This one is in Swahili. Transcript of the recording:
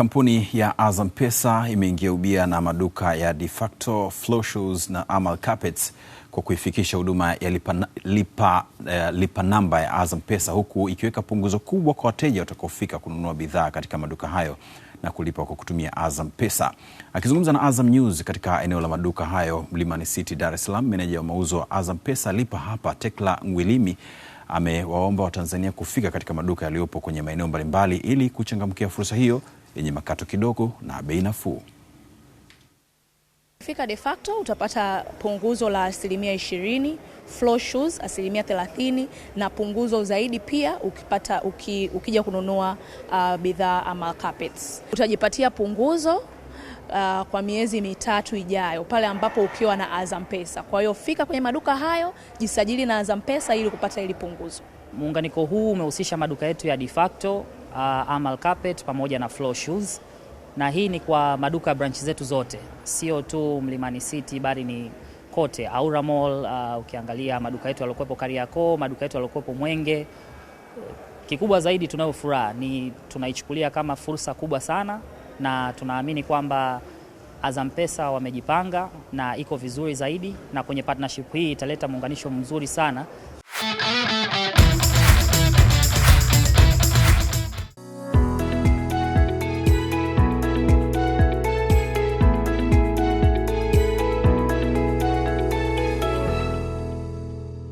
Kampuni ya Azam Pesa imeingia ubia na maduka ya De Facto, Shoes na Amal Carpets kwa kuifikisha huduma ya lipa, lipa, eh, lipa namba ya Azam Pesa huku ikiweka punguzo kubwa kwa wateja watakaofika kununua bidhaa katika maduka hayo na kulipa kwa kutumia Azam Pesa. Akizungumza na Azam News katika eneo la maduka hayo Mlimani City, Dar es Salaam, meneja wa mauzo wa Azam Pesa Lipa Hapa, Tekla Ngwilimi amewaomba Watanzania kufika katika maduka yaliyopo kwenye maeneo mbalimbali ili kuchangamkia fursa hiyo yenye makato kidogo na bei nafuu. Fika de facto utapata punguzo la asilimia 20, floor shoes asilimia t30 na punguzo zaidi pia ukipata uki, ukija kununua uh, bidhaa ama carpets utajipatia punguzo uh, kwa miezi mitatu ijayo pale ambapo ukiwa na Azam Pesa. Kwa hiyo fika kwenye maduka hayo, jisajili na Azam Pesa ili kupata hili punguzo. Muunganiko huu umehusisha maduka yetu ya De Facto, uh, Amal Carpet pamoja na Flow Shoes, na hii ni kwa maduka ya branch zetu zote, sio tu Mlimani City bali ni kote Aura Mall. Uh, ukiangalia maduka yetu yaliokuwepo Kariakoo, maduka yetu yaliokuwepo Mwenge. Kikubwa zaidi tunayofuraha ni tunaichukulia kama fursa kubwa sana na tunaamini kwamba Azam Pesa wamejipanga na iko vizuri zaidi, na kwenye partnership hii italeta muunganisho mzuri sana